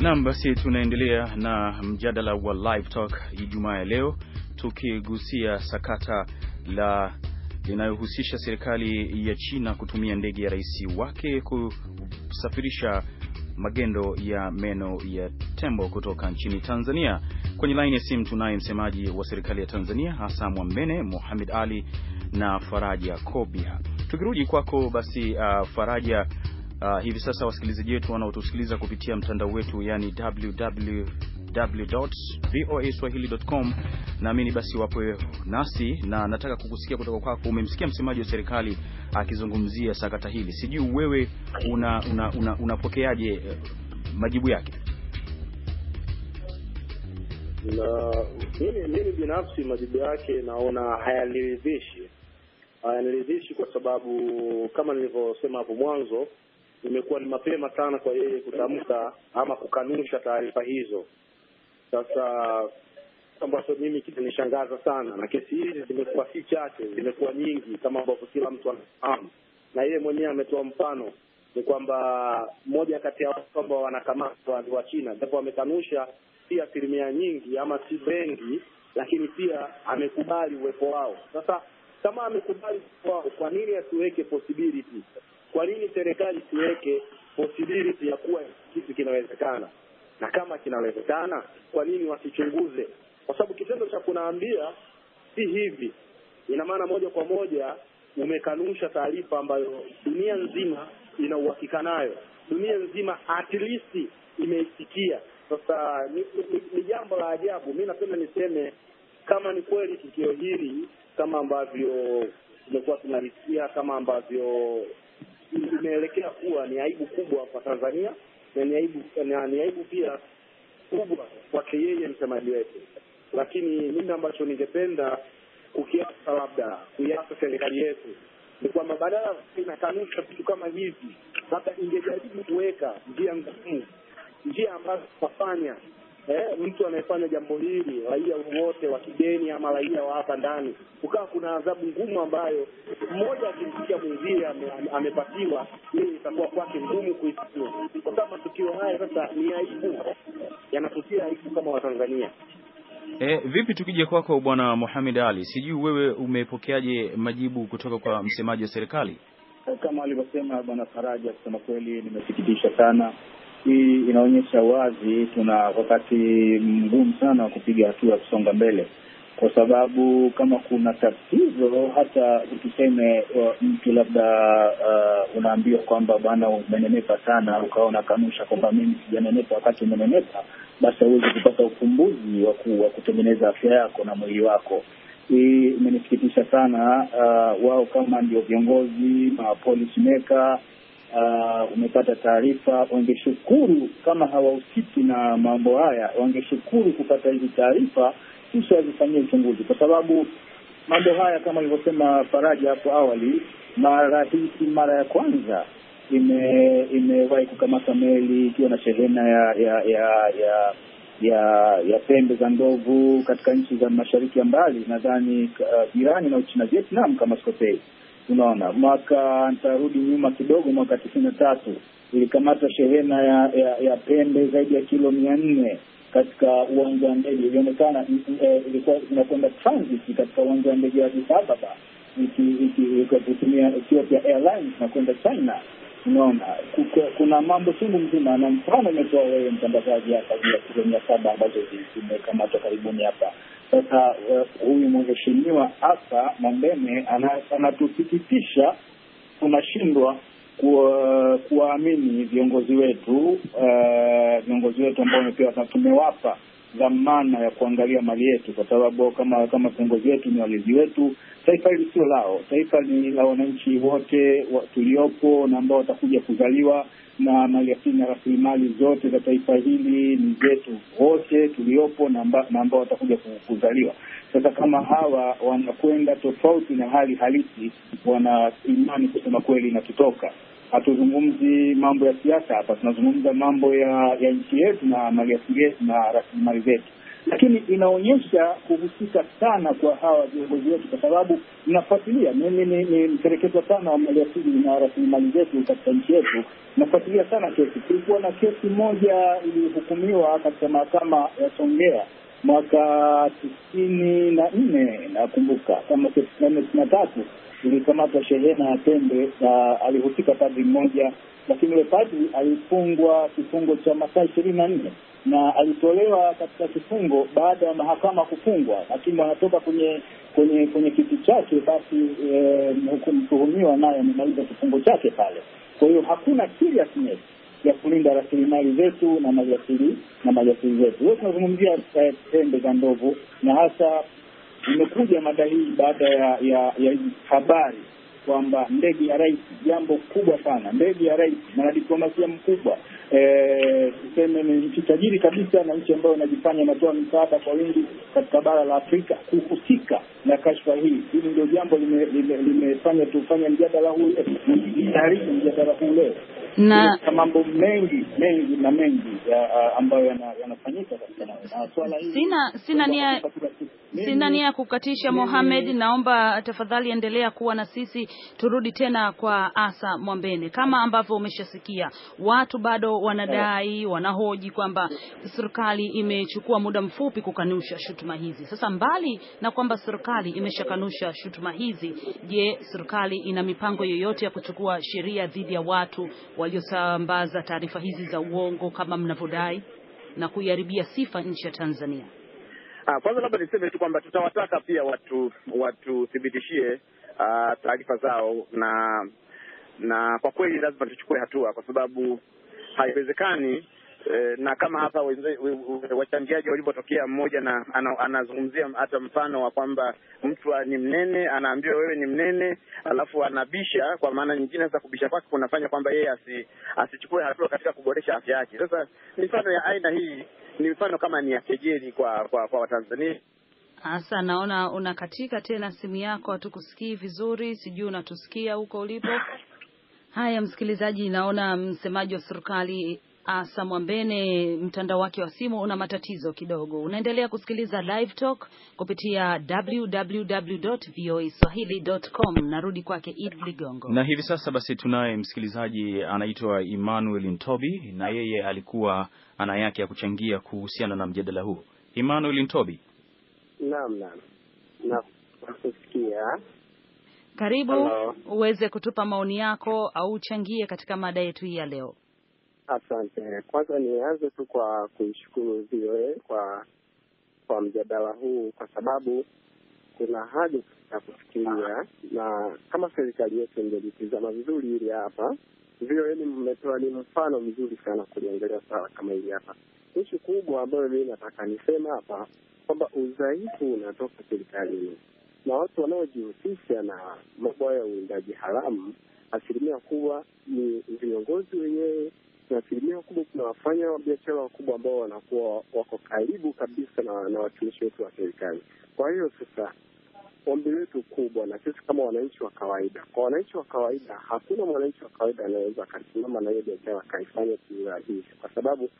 Naam, basi tunaendelea na mjadala wa Live Talk Ijumaa ya leo tukigusia sakata la linayohusisha serikali ya China kutumia ndege ya rais wake kusafirisha magendo ya meno ya tembo kutoka nchini Tanzania. Kwenye laini ya simu tunaye msemaji wa serikali ya Tanzania hasa Mwambene muhamed Ali na Faraja Kobia. Tukirudi kwako basi, uh, Faraja, Uh, hivi sasa wasikilizaji wetu wanaotusikiliza kupitia mtandao wetu yani www.voaswahili.com, naamini basi wapo nasi, na nataka kukusikia kutoka kwako. Umemsikia msemaji wa serikali akizungumzia sakata hili, sijui wewe unapokeaje? una, una, una uh, majibu yake? Na mimi, mimi binafsi majibu yake naona hayaniridhishi, hayaniridhishi kwa sababu kama nilivyosema hapo mwanzo imekuwa ni mapema sana kwa yeye kutamka ama kukanusha taarifa hizo. Sasa ambacho mimi kinanishangaza sana, na kesi hizi zimekuwa si chache, zimekuwa nyingi kama ambavyo kila mtu anafahamu, na yeye mwenyewe ametoa mfano ni kwamba mmoja kati ya watu ambao wanakamatwa ni wa China, japo wamekanusha si asilimia nyingi ama si wengi, lakini pia amekubali uwepo wao. Sasa kama amekubali uwepo wao, kwa nini asiweke possibility kwa nini serikali siweke possibility ya kuwa kitu kinawezekana? Na kama kinawezekana, kwa nini wasichunguze? Kwa sababu kitendo cha kunaambia si hivi, ina maana moja kwa moja umekanusha taarifa ambayo dunia nzima ina uhakika nayo, dunia nzima at least imeisikia. Sasa ni, ni, ni jambo la ajabu. Mi napenda niseme kama ni kweli tukio hili kama ambavyo tumekuwa tunalisikia, kama ambavyo imeelekea kuwa ni aibu kubwa kwa Tanzania na ni aibu, na ni aibu pia kubwa kwake yeye msemaji wetu. Lakini mimi ambacho ningependa kukiasa labda kuiasa serikali yetu ni kwamba badala inakanusha vitu kama hivi, labda ingejaribu kuweka njia ngumu, njia ambazo tutafanya eh, mtu anayefanya jambo hili, raia wowote wa kigeni ama raia wa hapa ndani, ukawa kuna adhabu ngumu ambayo mmoja akimsikia mwenzie amepatiwa, hii itakuwa kwake ngumu kuisikia, kwa sababu matukio haya sasa ni aibu, yanatutia aibu kama Watanzania. E, vipi tukija kwako Bwana Mohamed Ali, sijui wewe umepokeaje majibu kutoka kwa msemaji wa serikali? Eh, kama alivyosema Bwana Faraja, kusema kweli nimesikitisha sana hii inaonyesha wazi tuna wakati mgumu sana wa kupiga hatua ya kusonga mbele, kwa sababu kama kuna tatizo, hata tuseme uh, mtu labda uh, unaambiwa kwamba bwana, umenenepa sana, ukawa unakanusha kwamba mimi sijanenepa, wakati umenenepa, basi hauwezi kupata ufumbuzi wa kutengeneza afya yako na mwili wako. Hii imenisikitisha sana. Uh, wao kama ndio viongozi ma policy maker uh, umepata taarifa. Wangeshukuru kama hawahusiki na mambo haya, wangeshukuru kupata hizi taarifa kisha wazifanyie uchunguzi, kwa sababu mambo haya kama alivyosema Faraja hapo awali, mara hii mara ya kwanza ime- imewahi kukamata meli ikiwa na shehena ya ya ya ya ya, ya pembe za ndovu katika nchi za mashariki ya mbali, nadhani jirani uh, na Uchina, Vietnam kama sikosei. Unaona, mwaka nitarudi nyuma kidogo, mwaka tisini na tatu ilikamata shehena ya, ya, ya pembe zaidi ya kilo mia nne katika uwanja wa ndege. Ilionekana eh, eh, ilikuwa inakwenda transit katika uwanja wa ndege wa Addis Ababa Ethiopia Airlines na kwenda China. Unaona, kuna mambo chungu mzima, na mfano umetoa wewe mtangazaji hapa juu ya kilo mia saba ambazo zimekamatwa karibuni hapa sasa eh, huyu mheshimiwa Asa Mandeme anatusikitisha, tunashindwa eh, kuwaamini viongozi wetu, eh, viongozi wetu ambao pia tumewapa dhamana ya kuangalia mali yetu, kwa sababu kama kama viongozi wetu ni walezi wetu. Taifa hili sio lao, taifa ni la wananchi wote tuliopo na ambao watakuja kuzaliwa, na maliasili na rasilimali zote za taifa hili ni zetu wote tuliopo na ambao watakuja kuzaliwa. Sasa kama hawa wanakwenda tofauti na hali halisi, wana imani kusema kweli inatutoka hatuzungumzi mambo ya siasa hapa, tunazungumza mambo ya ya nchi yetu na maliasili na rasilimali zetu, lakini inaonyesha kuhusika sana kwa hawa viongozi wetu, kwa sababu nafuatilia mimi ni, ni mperekezwa sana wa maliasili na rasilimali zetu katika nchi yetu. Nafuatilia sana kesi. Kulikuwa na kesi moja iliyohukumiwa katika mahakama ya Songea mwaka tisini na nne nakumbuka kama tisini na nne tisini na tatu ilikamatwa shehena ya tembe na alihusika padri mmoja, lakini yule padri alifungwa kifungo cha masaa ishirini na nne na alitolewa katika kifungo baada ya mahakama kufungwa. lakini wanatoka kwenye kwenye kwenye kiti chake, basi eh, mtuhumiwa naye amemaliza kifungo chake pale. Kwa hiyo hakuna seriousness ya kulinda rasilimali zetu na maliasili na maliasili zetu. Leo tunazungumzia pembe eh, za ndovu na hasa Imekuja mada hii baada ya ya, ya habari kwamba ndege ya rais, jambo kubwa sana, ndege ya rais, mwanadiplomasia mkubwa e, tuseme ni nchi tajiri kabisa na nchi ambayo inajifanya inatoa misaada kwa wingi katika bara la Afrika kuhusika na kashfa hii. Hili ndio jambo limefanya tufanye mjadala huu, mjadala huu leo na mambo mengi mengi na mengi ambayo yanafanyika katika swala hili. Sina sina nia sina nia ya kukatisha Mohamed, naomba tafadhali endelea kuwa na sisi turudi tena kwa Asa Mwambene, kama ambavyo umeshasikia watu bado wanadai, wanahoji kwamba serikali imechukua muda mfupi kukanusha shutuma hizi. Sasa mbali na kwamba serikali imeshakanusha shutuma hizi, je, serikali ina mipango yoyote ya kuchukua sheria dhidi ya watu waliosambaza taarifa hizi za uongo kama mnavyodai na kuiharibia sifa nchi ya Tanzania? Ah, kwanza labda niseme tu kwamba tutawataka pia watu watuthibitishie uh, taarifa zao na na kwa kweli lazima tuchukue hatua, kwa sababu haiwezekani eh, na kama hapa wachangiaji walivyotokea, mmoja na anazungumzia hata mfano wa kwamba mtu ni mnene, anaambiwa wewe ni mnene, alafu anabisha. Kwa maana nyingine, sasa kubisha kwake kunafanya kwamba yeye asi, asichukue hatua katika kuboresha afya yake. Sasa mifano ya aina hii ni mifano kama ni ya kejeli kwa kwa, kwa Watanzania Asa, naona unakatika tena simu yako, hatukusikii vizuri, sijui unatusikia huko ulipo. Haya, msikilizaji, naona msemaji wa serikali Asa ah, Mwambene mtandao wake wa simu una matatizo kidogo. Unaendelea kusikiliza Live Talk kupitia www.voaswahili.com. Narudi kwake Id Ligongo, na hivi sasa basi tunaye msikilizaji anaitwa Emmanuel Ntobi, na yeye alikuwa ana yake ya kuchangia kuhusiana na mjadala huu. Emmanuel Ntobi. Naam, naam, nakusikia. Karibu Hello. Uweze kutupa maoni yako au uchangie katika mada yetu hii ya leo. Asante. Kwanza nianze tu kwa kuishukuru VOA kwa kwa mjadala huu, kwa sababu kuna haja ya kufikiria, na kama serikali yetu ingelitizama vizuri ili hapa. VOA ni mmetoa, ni mfano mzuri sana kuliongelea sawa kama hili hapa. ishu kubwa ambayo mimi nataka nisema hapa kwamba udhaifu unatoka serikalini na watu wanaojihusisha na mambo ya uwindaji haramu, asilimia kubwa ni viongozi wenyewe, na asilimia kubwa kuna wafanya biashara wakubwa ambao wanakuwa wako karibu kabisa na, na watumishi wetu wa serikali. Kwa hiyo sasa ombi letu kubwa, na sisi kama wananchi wa kawaida, kwa wananchi wa kawaida, hakuna mwananchi wa kawaida anayeweza akasimama na hiyo biashara akaifanya kiurahisi, kwa sababu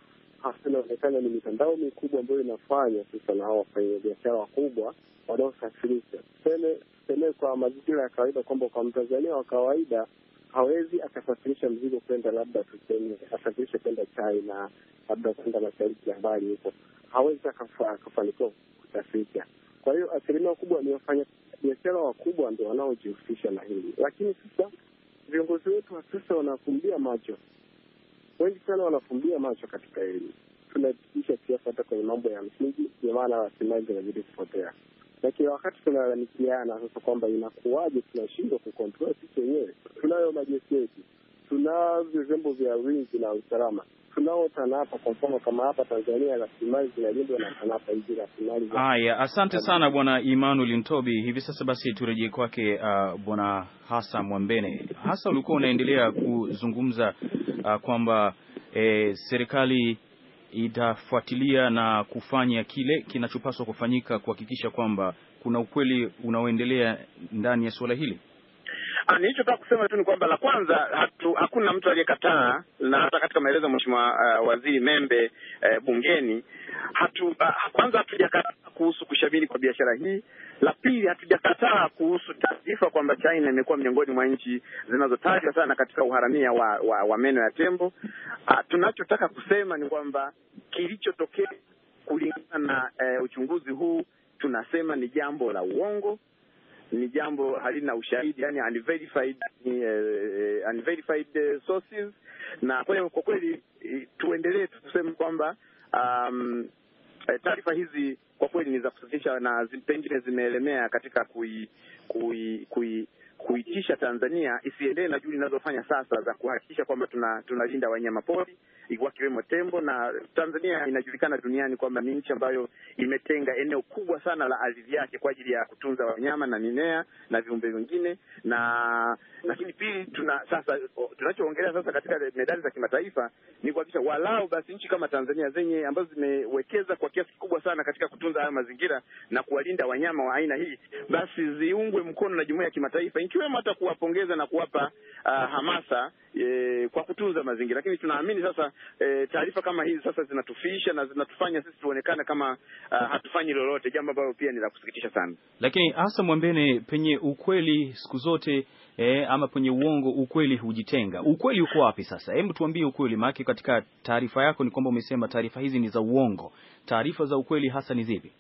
hasa inaonekana ni mitandao mikubwa ambayo inafanya sasa na hawa wafanyabiashara wakubwa wanaosafirisha. Tuseme kwa mazingira ya kawaida kwamba kwa Mtanzania wa kawaida hawezi akasafirisha mzigo kwenda labda, tuseme asafirishe kwenda China, labda kwenda mashariki ya mbali huko, hawezi akafanikiwa kusafirisha. Kwa hiyo asilimia kubwa ni wafanyabiashara wakubwa ndio wanaojihusisha na hili, lakini sasa viongozi wetu wa sasa wanafumbia macho wengi sana wanafumbia macho katika elimu. Tunatisha siasa hata kwenye mambo ya msingi, ndio maana rasilimali zinazidi kupotea, na kila wakati tunalalamikiana sasa kwamba inakuwaje tunashindwa kukontrol sisi wenyewe. Tunayo majeshi yetu tunavyo vyombo vya ulinzi na usalama tunao TANAPA kwa mfano, kama hapa Tanzania rasilimali zinalindwa na TANAPA hizi rasilimali. Haya, asante sana Bwana Emmanuel Ntobi. Hivi sasa basi turejee kwake uh, Bwana Hasa Mwambene. Hasa, ulikuwa unaendelea kuzungumza uh, kwamba eh, serikali itafuatilia na kufanya kile kinachopaswa kufanyika kuhakikisha kwamba kuna ukweli unaoendelea ndani ya suala hili. Ah, Nilichotaka kusema tu ni kwamba la kwanza hatu, hakuna mtu aliyekataa na hata katika maelezo ya Mheshimiwa uh, Waziri Membe uh, bungeni hatu, uh, kwanza hatujakataa kuhusu kushamiri kwa biashara hii. La pili, hatujakataa kuhusu taarifa kwamba China imekuwa miongoni mwa nchi zinazotajwa sana katika uharamia wa, wa, wa meno ya tembo. Uh, tunachotaka kusema ni kwamba kilichotokea kulingana na uh, uchunguzi huu tunasema ni jambo la uongo ni jambo halina ushahidi, yani unverified, uh, unverified eh, sources. Na kwa hiyo kwa kweli tuendelee tu kusema kwamba um, taarifa hizi kwa kweli ni za kusikitisha na pengine zimeelemea katika kui, kui, kui kuitisha Tanzania isiendelee na juhudi inazofanya sasa za kuhakikisha kwamba tunalinda tuna wanyama pori wakiwemo tembo. Na Tanzania inajulikana duniani kwamba ni nchi ambayo imetenga eneo kubwa sana la ardhi yake kwa ajili ya kutunza wanyama na mimea na viumbe vingine, na lakini pili, tuna sasa tunachoongelea sasa katika medali za kimataifa ni kuhakikisha walau basi nchi kama Tanzania zenye ambazo zimewekeza kwa kiasi kikubwa sana katika kutunza haya mazingira na kuwalinda wanyama wa aina hii, basi ziungwe mkono na jumuiya ya kimataifa ikiwemo hata kuwapongeza na kuwapa uh, hamasa e, kwa kutunza mazingira. Lakini tunaamini sasa e, taarifa kama hizi sasa zinatufisha na zinatufanya sisi tuonekane kama uh, hatufanyi lolote, jambo ambalo pia ni la kusikitisha sana. Lakini hasa mwambene, penye ukweli siku zote e, ama penye uongo ukweli hujitenga. Ukweli uko wapi sasa? Hebu tuambie ukweli, maana katika taarifa yako ni kwamba umesema taarifa hizi ni za uongo. Taarifa za ukweli hasa ni zipi?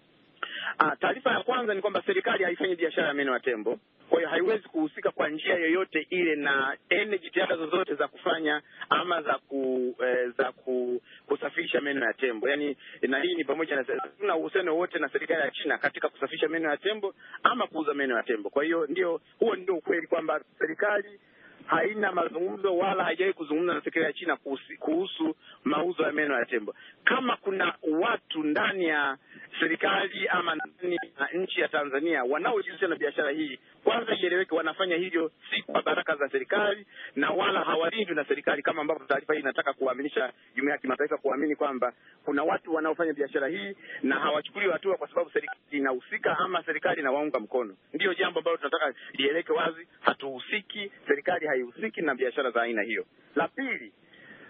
Ah, taarifa ya kwanza ni kwamba serikali haifanyi biashara ya meno ya tembo, kwa hiyo haiwezi kuhusika kwa njia yoyote ile na ene jitihada zozote za kufanya ama za ku, e, za ku, kusafisha meno ya tembo yani, na hii ni pamoja na tuna uhusiano wote na serikali ya China katika kusafisha meno ya tembo ama kuuza meno ya tembo. Kwa hiyo ndio, huo ndio ukweli kwamba serikali haina mazungumzo wala haijawai kuzungumza na serikali ya China kuhusu, kuhusu mauzo ya meno ya tembo. Kama kuna watu ndani ya serikali ama ndani ya nchi ya Tanzania wanaojihusisha na biashara hii, kwanza ieleweke, wanafanya hivyo si kwa baraka za serikali na wala hawalindwi na serikali, kama ambavyo taarifa hii inataka kuaminisha jumuiya ya kimataifa kuamini kwamba kuna watu wanaofanya biashara hii na hawachukuliwi hatua kwa sababu serikali inahusika ama serikali inawaunga mkono. Ndiyo jambo ambalo tunataka lieleweke wazi, hatuhusiki, serikali haihusiki na biashara za aina hiyo. La pili,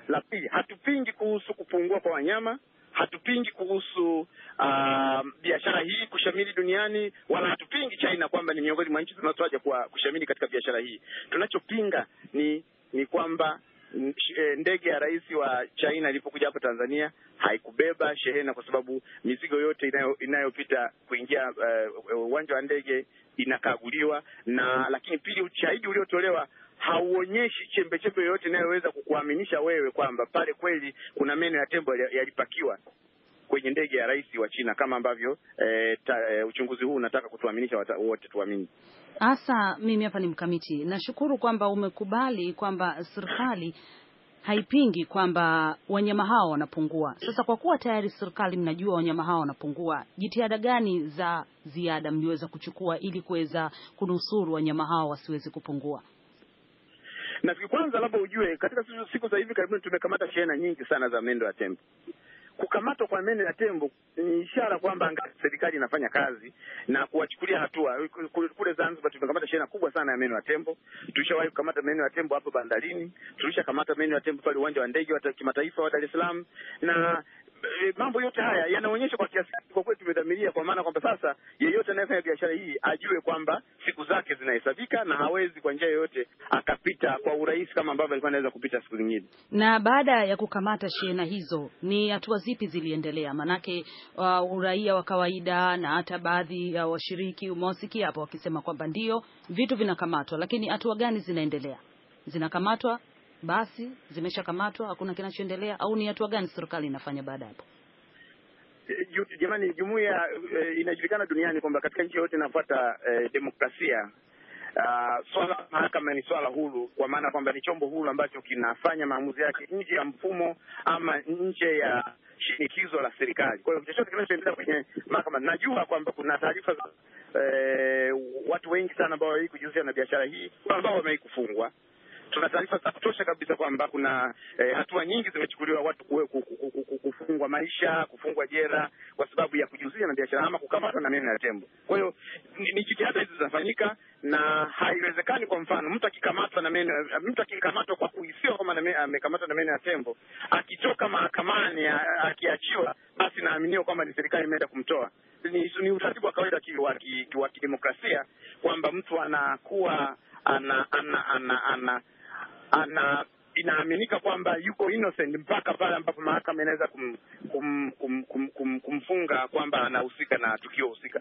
la pili, hatupingi kuhusu kupungua kwa wanyama hatupingi kuhusu uh, biashara hii kushamiri duniani, wala hatupingi China kwamba ni miongoni mwa nchi zinazotaja kwa kushamiri katika biashara hii. Tunachopinga ni ni kwamba eh, ndege ya rais wa China ilipokuja hapa Tanzania haikubeba shehena, kwa sababu mizigo yote inayopita inayo kuingia eh, uwanja uh, wa ndege inakaguliwa na, lakini pili, ushahidi uliotolewa hauonyeshi chembe chembe yoyote inayoweza kukuaminisha wewe kwamba pale kweli kuna meno ya tembo yalipakiwa kwenye ndege ya rais wa China kama ambavyo e, ta, e, uchunguzi huu unataka kutuaminisha wote tuamini. Hasa mimi hapa ni mkamiti, nashukuru kwamba umekubali kwamba serikali haipingi kwamba wanyama hao wanapungua. Sasa kwa kuwa tayari serikali mnajua wanyama hao wanapungua, jitihada gani za ziada mliweza kuchukua ili kuweza kunusuru wanyama hao wasiweze kupungua? Nafikiri kwanza, labda ujue, katika siku za hivi karibuni tumekamata shehena nyingi sana za mendo ya tembo. Kukamatwa kwa meno ya tembo ni ishara kwamba serikali inafanya kazi na kuwachukulia hatua. Kule Zanzibar tumekamata shehena kubwa sana ya meno ya tembo. Tulishawahi kukamata meno ya tembo hapo bandarini, tulishakamata meno ya tembo pale uwanja wa ndege wa kimataifa wa Dar es Salaam, na e, mambo yote haya yanaonyesha kwa kiasi kwa kweli tumedhamiria, kwa maana kwamba sasa yeyote anayefanya biashara hii ajue kwamba siku zake zinahesabika na hawezi kwa njia yoyote akapita kwa urahisi kama ambavyo alikuwa anaweza kupita siku zingine. Na baada ya kukamata shehena hizo, ni hatua zipi ziliendelea? Manake uh, uraia wa kawaida na hata baadhi ya uh, washiriki umewasikia hapo wakisema kwamba ndio vitu vinakamatwa, lakini hatua gani zinaendelea? Zinakamatwa basi zimeshakamatwa, hakuna kinachoendelea, au ni hatua gani serikali inafanya baada hapo? Jamani, jumuiya eh, inajulikana duniani kwamba katika nchi yoyote inafuata eh, demokrasia. Uh, swala la mahakama ni swala huru, kwa maana kwamba ni chombo huru ambacho kinafanya maamuzi yake nje ya mfumo ama nje ya shinikizo la serikali. Kwa hiyo chochote kinachoendelea kwenye mahakama, najua kwamba kuna taarifa za eh, watu wengi sana ambao hawai kujihusisha na biashara hii ambao wamewahi kufungwa tuna taarifa za kutosha kabisa kwamba kuna eh, hatua nyingi zimechukuliwa watu kufungwa maisha, kufungwa jera kwa sababu ya kujihusisha na biashara ama kukamatwa na neno ya tembo. Kwa hiyo ni jitihada hizi zinafanyika, na haiwezekani kwa mfano mtu akikamatwa na meno, mtu akikamatwa kwa kuhisiwa kwamba amekamatwa na meno ya tembo, akitoka mahakamani akiachiwa, basi naaminiwa kwamba ni serikali imeenda kumtoa. Ni, ni utaratibu wa kawaida wa kidemokrasia kwamba mtu anakuwa ana ana ana, ana, ana ana inaaminika kwamba yuko innocent mpaka pale ambapo mahakama inaweza kum, kum, kum, kum, kum, kumfunga kwamba anahusika na tukio husika.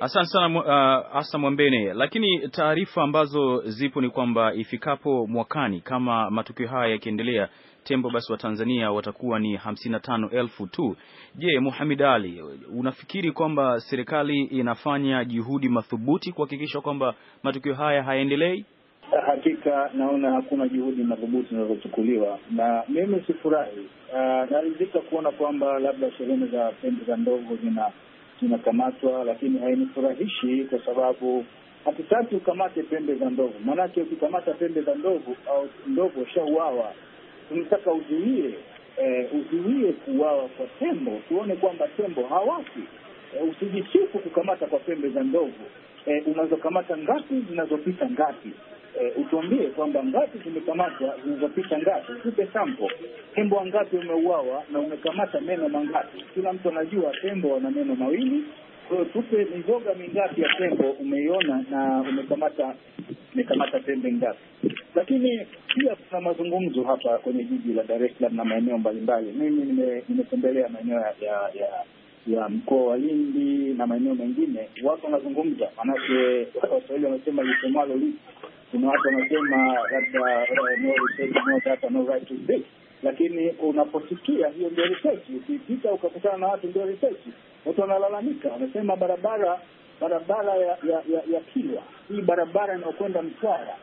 Asante sana uh, Asa Mwambene. Lakini taarifa ambazo zipo ni kwamba ifikapo mwakani, kama matukio haya yakiendelea, tembo basi watanzania watakuwa ni hamsini na tano elfu tu. Je, muhamid Ali, unafikiri kwamba serikali inafanya juhudi madhubuti kuhakikisha kwamba matukio haya hayaendelei? Eh, hakika naona hakuna juhudi madhubuti zinazochukuliwa, na mimi sifurahi. Uh, naridhika kuona kwamba labda sehemu za pembe za ndogo zinakamatwa, lakini hainifurahishi kwa sababu hatutaki ukamate pembe za ndogo, maanake ukikamata pembe za ndogo au ndogo shauawa. Tunataka uzuie, eh, uzuie kuuawa kwa tembo, tuone kwamba tembo hawafi. Eh, usijisifu kukamata kwa pembe za ndogo. Eh, unazokamata ngapi, zinazopita ngapi? Eh, utuambie kwamba ngapi zimekamatwa, zilizopita ngapi, tupe sampo, tembo wangapi umeuawa na umekamata meno mangapi? Kila mtu anajua tembo wana meno mawili. Kwa hiyo tupe mizoga mingapi ya tembo umeiona na umekamata umekamata tembe ngapi? Lakini pia kuna mazungumzo hapa kwenye jiji la Dar es Salaam na maeneo mbalimbali. Mimi nimetembelea maeneo ya, ya ya mkoa wa Lindi na maeneo mengine, watu wanazungumza, manake Waswahili wanasema lisemalo lipo kuna watu wanasema labda eh, no right lakini unaposikia hiyo ndio research. Ukipita ukakutana na watu ndio research. Watu wanalalamika, wanasema barabara barabara ya ya, ya, ya Kilwa hii barabara inayokwenda Mtwara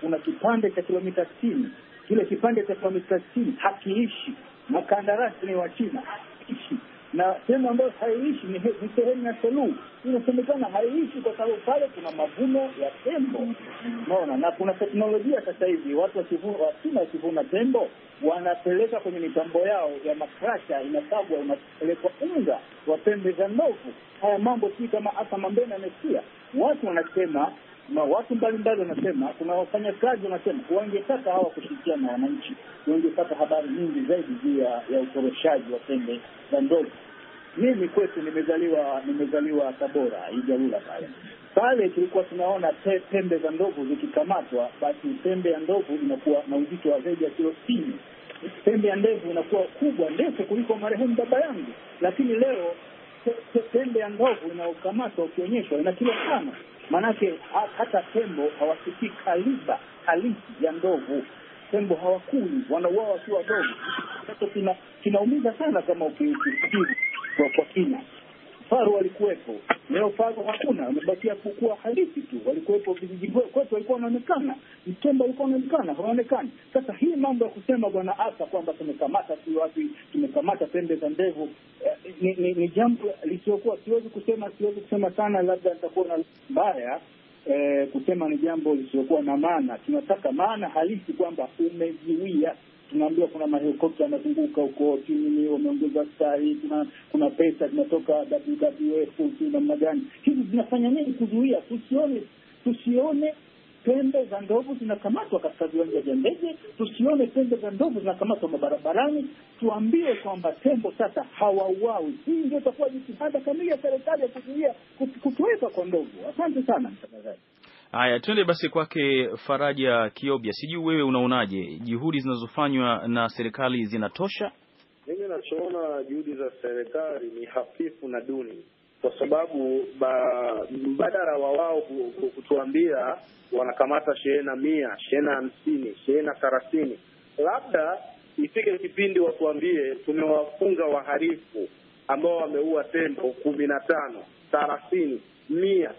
kuna kipande cha kilomita sitini. Kile kipande cha kilomita sitini hakiishi, makandarasi ni wa China, hakiishi na sehemu ambayo haiishi ni, ni sehemu ya Selu. Inasemekana haiishi kwa sababu pale kuna mavuno ya tembo, unaona, na kuna teknolojia sasa hivi watu wasima wakivuna tembo wanapeleka kwenye mitambo yao ya makrasha, inasagwa, unapelekwa unga wa pembe za ndovu. Haya mambo si kama hata Mambena amesikia watu wanasema na watu mbalimbali wanasema, kuna wafanyakazi wanasema wangetaka hawa kushirikiana na wananchi, wangepata habari nyingi zaidi juu ya utoroshaji wa pembe za ndovu. Mimi kwetu nimezaliwa nimezaliwa Tabora, Ijalula pale pale tulikuwa tunaona pe, pembe za ndovu zikikamatwa, basi pembe ya ndovu inakuwa na uzito wa zaidi ya kilo sitini. Pembe ya ndevu inakuwa kubwa ndefu kuliko marehemu baba yangu, lakini leo pembe ya ndovu inayokamatwa ukionyeshwa ina kilo tano. Maanake hata tembo hawasikii kaliba halisi ya ndovu. Tembo hawakuli, wanauawa wakiwa wadogo. Sasa kinaumiza sana kama ukifikiri kwa kina. Faru walikuwepo, leo faru hakuna, amebakia kukuwa halisi tu. Walikuwepo vijiji kwetu, walikuwa wanaonekana, mtemba alikuwa anaonekana, hawaonekani sasa. Hii mambo ya kusema bwana Asa kwamba tumekamata si wapi, tumekamata pembe za ndevu eh, ni, ni, ni jambo lisiokuwa, siwezi kusema, siwezi kusema sana, labda nitakuwa na mbaya eh, kusema ni jambo lisiokuwa na maana. Tunataka maana halisi kwamba umeziwia tunaambiwa kuna mahelikopta yanazunguka huko chini, wameongeza stari kuna kuna pesa zinatoka WWF namna gani? Hizi zinafanya nini kuzuia tusione tusione pembe za ndovu zinakamatwa katika viwanja vya ndege, tusione pembe za ndovu zinakamatwa mabarabarani. tuambie kwamba tembo sasa hawauawi. Hii ndio itakuwa jitihada kamili ya serikali ya kuzuia kutoweka kwa ndovu. Asante sana mtangazaji. Haya, twende basi kwake Faraja Kiobya, sijui wewe unaonaje, juhudi zinazofanywa na serikali zinatosha? Mimi nachoona juhudi za serikali ni hafifu na duni, kwa sababu ba, mbadala wa wao kutuambia wanakamata shehena mia, shehena hamsini, shehena thelathini, labda ifike kipindi watuambie tumewafunga wahalifu ambao wameua tembo kumi na tano, thelathini, mia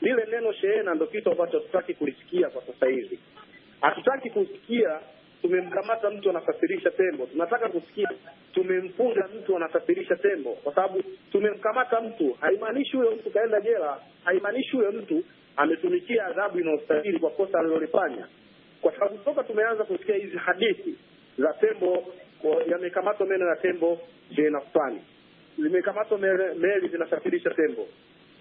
lile neno shehena ndo kitu ambacho hatutaki kulisikia kwa sasa hivi, hatutaki kusikia tumemkamata mtu anasafirisha tembo. Tunataka kusikia tumemfunga mtu anasafirisha tembo, kwa sababu tumemkamata mtu haimaanishi huyo mtu kaenda jela, haimaanishi huyo mtu ametumikia adhabu inayostahili kwa kosa alilolifanya, kwa sababu toka tumeanza kusikia hizi hadithi za tembo yamekamatwa meno ya tembo, shehena fulani zimekamatwa meli zinasafirisha tembo,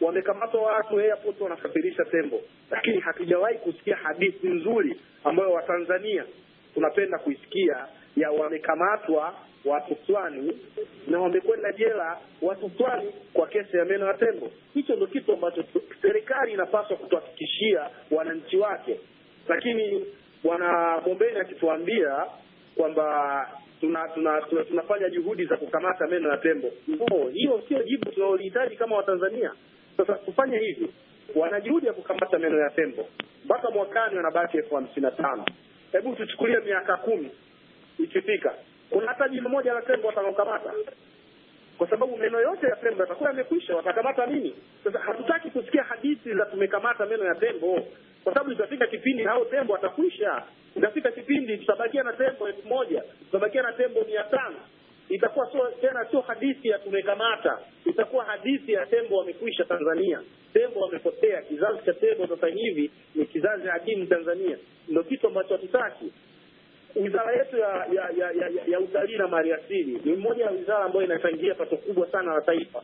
wamekamatwa watu airport wanasafirisha tembo, lakini hatujawahi kusikia hadithi nzuri ambayo Watanzania tunapenda kuisikia ya wamekamatwa watu fulani na wamekwenda jela watu fulani kwa kesi ya meno ya tembo. Hicho ndio kitu ambacho serikali inapaswa kutuhakikishia wananchi wake, lakini Bwana Bombeni akituambia kwamba tuna, tuna, tuna, tunafanya juhudi za kukamata meno ya tembo, no, oh, hiyo sio jibu tunalohitaji kama Watanzania. Sasa kufanya hivyo, wana juhudi ya kukamata meno ya tembo, mpaka mwakani wanabaki elfu hamsini na tano. Hebu tuchukulie miaka kumi ikifika, kuna hata jino moja la tembo watakaokamata? Kwa sababu meno yote ya tembo yatakuwa yamekwisha, watakamata nini? Sasa hatutaki kusikia hadithi za tumekamata meno ya tembo, kwa sababu itafika kipindi hao tembo watakwisha. Itafika kipindi tutabakia na tembo elfu moja tutabakia na tembo mia tano itakuwa so, tena sio hadithi ya tumekamata, itakuwa hadithi ya tembo wamekwisha Tanzania. Tembo wamepotea, kizazi cha tembo sasa hivi ni kizazi adimu Tanzania. Ndio kitu ambacho hatutaki. Wizara yetu ya, ya, ya, ya, ya utalii na maliasili ni mmoja ya wizara ambayo inachangia pato kubwa sana la taifa,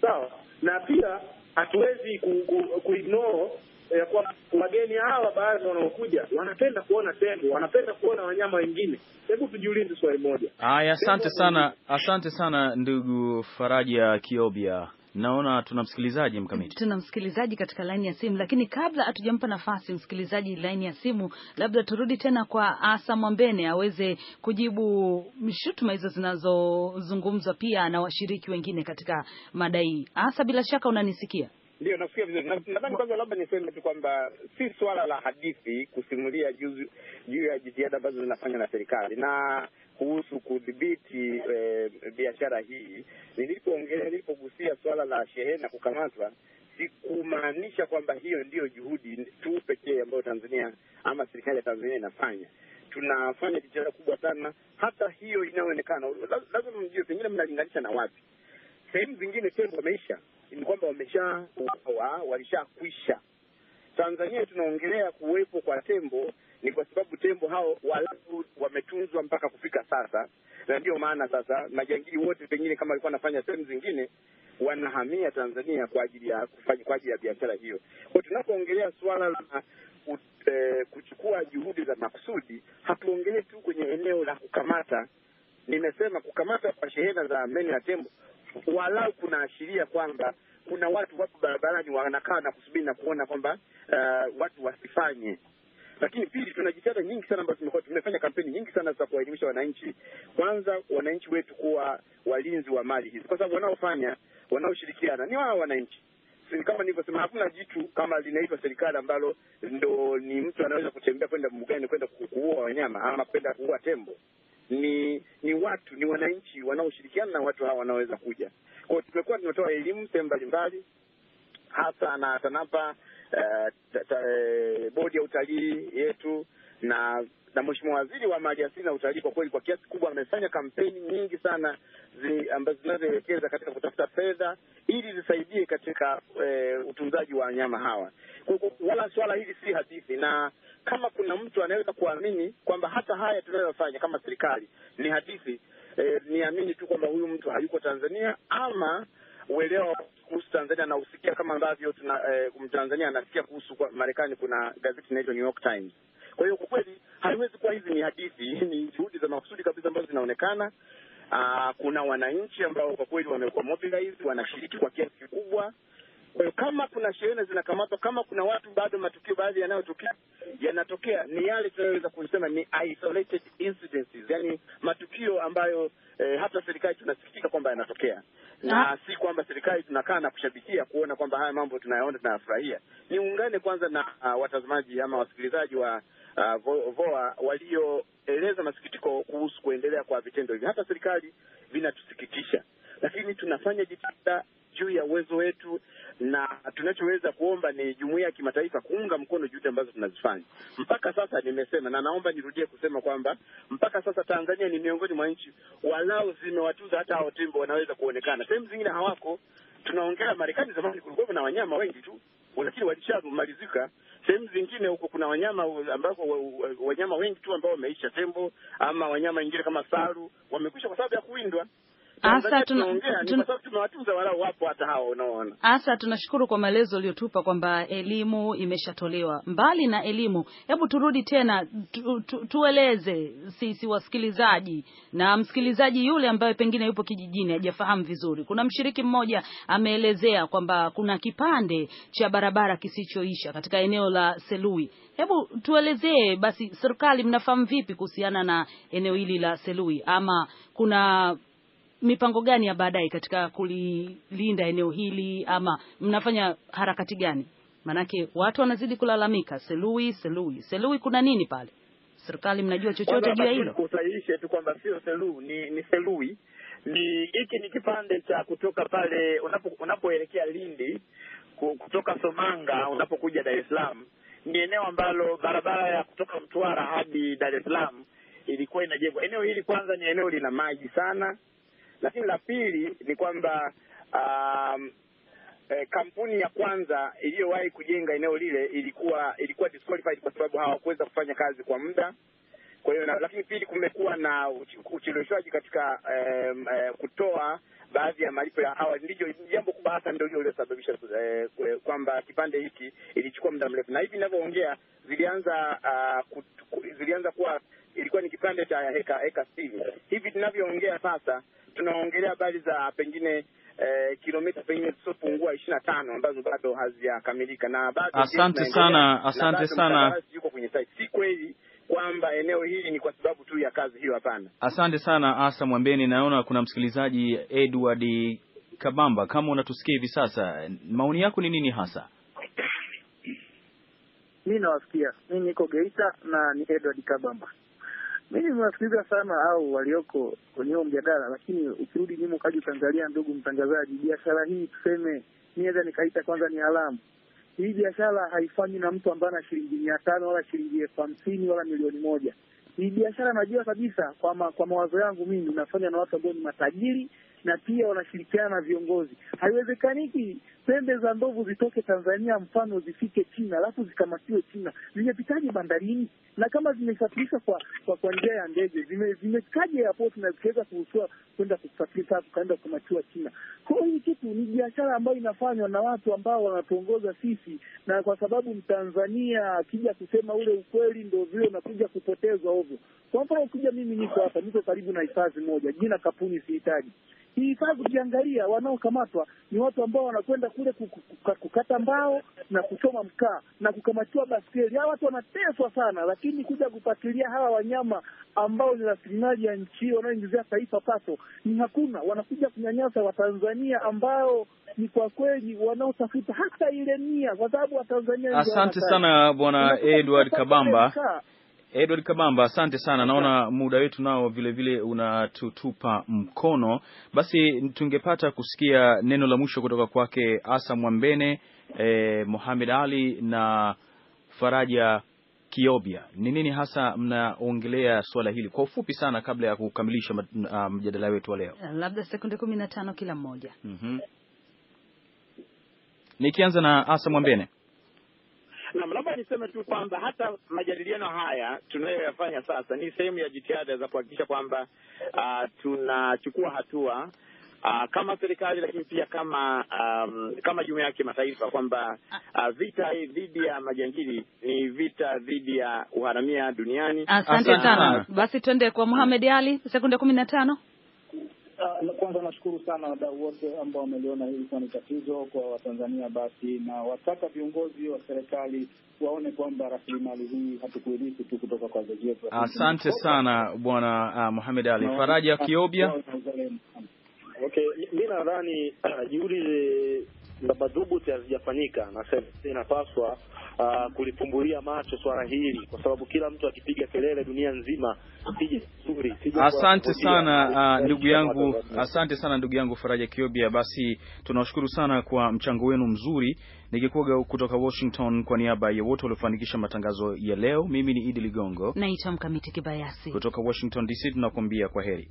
sawa. Na pia hatuwezi kuignore ku, ku ya kwamba wageni hawa baadhi wanaokuja wanapenda kuona tembo, wanapenda kuona wanyama wengine. Hebu tujiulize swali moja. Haya, asante sana, asante sana ndugu Faraja Kiobia. Naona tuna msikilizaji mkamiti, tuna msikilizaji katika laini ya simu, lakini kabla hatujampa nafasi msikilizaji laini ya simu, labda turudi tena kwa Asa Mwambene aweze kujibu shutuma hizo zinazozungumzwa pia na washiriki wengine katika madai. Asa, bila shaka unanisikia? Ndio, nasikia vizuri. Nadhani kwanza labda niseme tu kwamba si suala la hadithi kusimulia juu ya jitihada ambazo zinafanywa na serikali na kuhusu kudhibiti e, biashara hii. Nilipoongelea, nilipogusia suala la shehena kukamatwa sikumaanisha kwamba hiyo ndiyo juhudi tu pekee ambayo Tanzania ama serikali ya Tanzania inafanya. Tunafanya jitihada kubwa sana, hata hiyo inayoonekana. Lazima mjue, pengine mnalinganisha na wapi. Sehemu zingine tembo wameisha ni kwamba wameshauawa, walishakwisha. Tanzania tunaongelea kuwepo kwa tembo ni kwa sababu tembo hao walau wametunzwa mpaka kufika sasa, na ndiyo maana sasa majangili wote pengine kama walikuwa wanafanya sehemu zingine wanahamia Tanzania kwa ajili ya kufanya kwa ajili ya biashara hiyo. Kwa tunapoongelea suala la e, kuchukua juhudi za makusudi, hatuongelei tu kwenye eneo la kukamata. Nimesema kukamata kwa shehena za meno ya tembo walau kuna ashiria kwamba kuna watu wapo barabarani wanakaa na kusubiri na kuona kwamba uh, watu wasifanye. Lakini pili, tuna jitihada nyingi sana ambazo tumekuwa tumefanya kampeni nyingi sana za kuwaelimisha wananchi, kwanza wananchi wetu kuwa walinzi wa mali hizi, kwa sababu wanaofanya wanaoshirikiana ni wao wananchi. Kama nilivyosema, hakuna jitu kama linaitwa serikali ambalo ndo ni mtu anaweza kutembea kwenda mbugani kwenda kuua wanyama ama kwenda kuua tembo ni ni watu ni wananchi wanaoshirikiana na watu hawa wanaweza kuja. Kwa hiyo tumekuwa tunatoa elimu sehemu mbalimbali, hasa na TANAPA uh, eh, eh, bodi ya utalii yetu na na Mheshimiwa Waziri wa Maliasili na Utalii kwa kweli kwa kiasi kubwa amefanya kampeni nyingi sana ambazo zinazoelekeza katika kutafuta fedha ili zisaidie katika e, utunzaji wa wanyama hawa. Wala swala hili si hadithi, na kama kuna mtu anaweza kuamini kwamba hata haya tunayofanya kama serikali ni hadithi eh, niamini tu kwamba huyu mtu hayuko Tanzania ama uelewa kuhusu Tanzania nausikia kama ambavyo tuna eh, Mtanzania anasikia kuhusu Marekani kuna gazeti inaitwa New York Times. Kwa hiyo kwa kweli haiwezi kuwa hizi ni hadithi, ni juhudi za makusudi kabisa ambazo zinaonekana. Aa, kuna wananchi ambao kwa kweli wamekuwa mobilized, wanashiriki kwa kiasi kikubwa kwa hiyo kama kuna shehena zinakamatwa, kama kuna watu bado, matukio baadhi yanayotokea yanatokea ni yale tunayoweza kusema ni isolated incidences, yani matukio ambayo eh, hata serikali tunasikitika kwamba yanatokea na ah. si kwamba serikali tunakaa na kushabikia kuona kwamba haya mambo tunayaona tunayafurahia. Niungane kwanza na uh, watazamaji ama wasikilizaji wa uh, VOA vo, walioeleza masikitiko kuhusu kuendelea kwa vitendo hivi. Hata serikali vinatusikitisha, lakini tunafanya jitihada juu ya uwezo wetu, na tunachoweza kuomba ni jumuiya ya kimataifa kuunga mkono juhudi ambazo tunazifanya mpaka sasa. Nimesema na naomba nirudie kusema kwamba mpaka sasa Tanzania ni miongoni mwa nchi walau zimewatuza hata hao tembo wanaweza kuonekana, sehemu zingine hawako. Tunaongea Marekani, zamani kulikuwa na wanyama wengi tu, lakini walishamalizika sehemu zingine huko kuna wanyama ambako wanyama wengi tu ambao wameisha, tembo ama wanyama wengine kama saru wamekwisha kwa sababu ya kuwindwa asa tunaongea ni wapo hata hao unaona. tunashukuru kwa maelezo uliyotupa kwamba elimu imeshatolewa. Mbali na elimu, hebu turudi tena tu, tu, tueleze sisi wasikilizaji na msikilizaji yule ambaye pengine yupo kijijini hajafahamu vizuri. Kuna mshiriki mmoja ameelezea kwamba kuna kipande cha barabara kisichoisha katika eneo la Selui. Hebu tuelezee basi, serikali mnafahamu vipi kuhusiana na eneo hili la Selui ama kuna mipango gani ya baadaye katika kulilinda eneo hili ama mnafanya harakati gani? Maanake watu wanazidi kulalamika selui selui selui, kuna nini pale? Serikali mnajua chochote juu ya hilo? Kusahihishe tu kwamba sio selu, ni, ni selui ni hiki ni kipande cha kutoka pale unapoelekea unapo Lindi kutoka Somanga unapokuja Dar es Salaam, ni eneo ambalo barabara ya kutoka Mtwara hadi Dar es Salaam ilikuwa inajengwa. Eneo hili kwanza ni eneo lina maji sana lakini la pili ni kwamba um, eh, kampuni ya kwanza iliyowahi kujenga eneo lile ilikuwa ilikuwa disqualified kwa sababu hawakuweza kufanya kazi kwa muda. Kwa hiyo lakini pili, kumekuwa na ucheleweshwaji katika um, uh, kutoa baadhi ya malipo ya awali. ndio jambo kubwa hasa ndio hilo lilosababisha uh, kwamba kipande hiki ilichukua muda mrefu, na hivi inavyoongea zilianza uh, zilianza kuwa ilikuwa ni kipande cha heka heka sitini hivi tunavyoongea sasa tunaongelea habari za pengine eh, kilomita pengine zisizopungua ishirini na tano ambazo bado hazijakamilika na bado asante sana, asante sana. Yuko kwenye site, si kweli kwamba eneo hili ni kwa sababu tu ya kazi hiyo, hapana. Asante sana Asa Mwambeni. Naona kuna msikilizaji Edward Kabamba, kama unatusikia hivi sasa, maoni yako ni nini hasa? Mi nawasikia, mi niko Geita na ni Edward Kabamba mimi nimewasikiliza sana au walioko kwenye huo mjadala, lakini ukirudi nyuma ukaji ukaangalia, ndugu mtangazaji, biashara hii tuseme, mi naweza nikaita kwanza ni haramu. Hii biashara haifanywi na mtu ambaye ana shilingi mia tano wala shilingi elfu hamsini wala milioni moja. Hii biashara najua kabisa kwa ma, kwa mawazo yangu mimi inafanywa na watu ambao ni matajiri na pia wanashirikiana na viongozi. Haiwezekaniki pembe za ndovu zitoke Tanzania, mfano zifike China alafu zikamatiwe China. Zimepitaje bandarini? Na kama zimesafirishwa kwa kwa, kwa njia ya ndege zimefikaje zime na zikiweza kuruhusiwa kwenda kusafirisha ukaenda kukamatiwa China? Kwa hiyo hii kitu ni biashara ambayo inafanywa na watu ambao wanatuongoza sisi, na kwa sababu Mtanzania akija kusema ule ukweli ndo vile unakuja kupotezwa ovyo. Kwa mfano ukija, mimi niko hapa, niko karibu na hifadhi moja, jina kampuni sihitaji kazi ukiangalia wanaokamatwa ni watu ambao wanakwenda kule kukata mbao na kuchoma mkaa na kukamatiwa baskeli. Hawa watu wanateswa sana, lakini kuja kufuatilia hawa wanyama ambao ni rasilimali ya nchi wanaoingizia taifa pato ni hakuna. Wanakuja kunyanyasa Watanzania ambao ni kwa kweli wanaotafuta hata ile nia, kwa sababu Watanzania. Asante sana Bwana Edward Kabamba. Edward Kabamba, asante sana. Naona muda wetu nao vilevile unatutupa mkono, basi tungepata kusikia neno la mwisho kutoka kwake Asa Mwambene, eh, Mohamed Ali na Faraja Kiobia. Ni nini hasa mnaongelea suala hili kwa ufupi sana, kabla ya kukamilisha mjadala um, wetu wa leo, eh, labda sekunde kumi na tano kila mmoja. mm -hmm. Nikianza na Asa Mwambene. Naam, labda niseme tu kwamba hata majadiliano haya tunayoyafanya sasa ni sehemu ya jitihada za kuhakikisha kwamba uh, tunachukua hatua Uh, kama serikali lakini pia kama um, kama jumuiya ya kimataifa kwamba uh, vita dhidi ya majangili ni vita dhidi ya uharamia duniani. Asante sana. Basi twende kwa Mohamed Ali, sekunde kumi na tano. Uh, kwanza nashukuru sana wadau wote ambao wameliona hili kuwa ni tatizo kwa Watanzania, basi na wataka viongozi wa serikali waone kwamba rasilimali hii hatukuirithi tu kutoka kwa wazazi wetu. Asante sana Bwana uh, ah, Muhamed Ali no, Faraja Kiobia. Ah, okay, mi nadhani juhudi na madhubuti hazijafanyika, na serikali inapaswa uh, ah, kulifumbulia macho swala hili, kwa sababu kila mtu akipiga kelele dunia nzima sije nzuri. Asante sana uh, ndugu yangu, asante sana ndugu yangu Faraja Kiobia. Basi tunawashukuru sana kwa mchango wenu mzuri, nikikuaga kutoka Washington kwa niaba ya wote waliofanikisha matangazo ya leo. Mimi ni Idi Ligongo, naitwa Mkamiti Kibayasi kutoka Washington DC, tunakuambia kwa heri.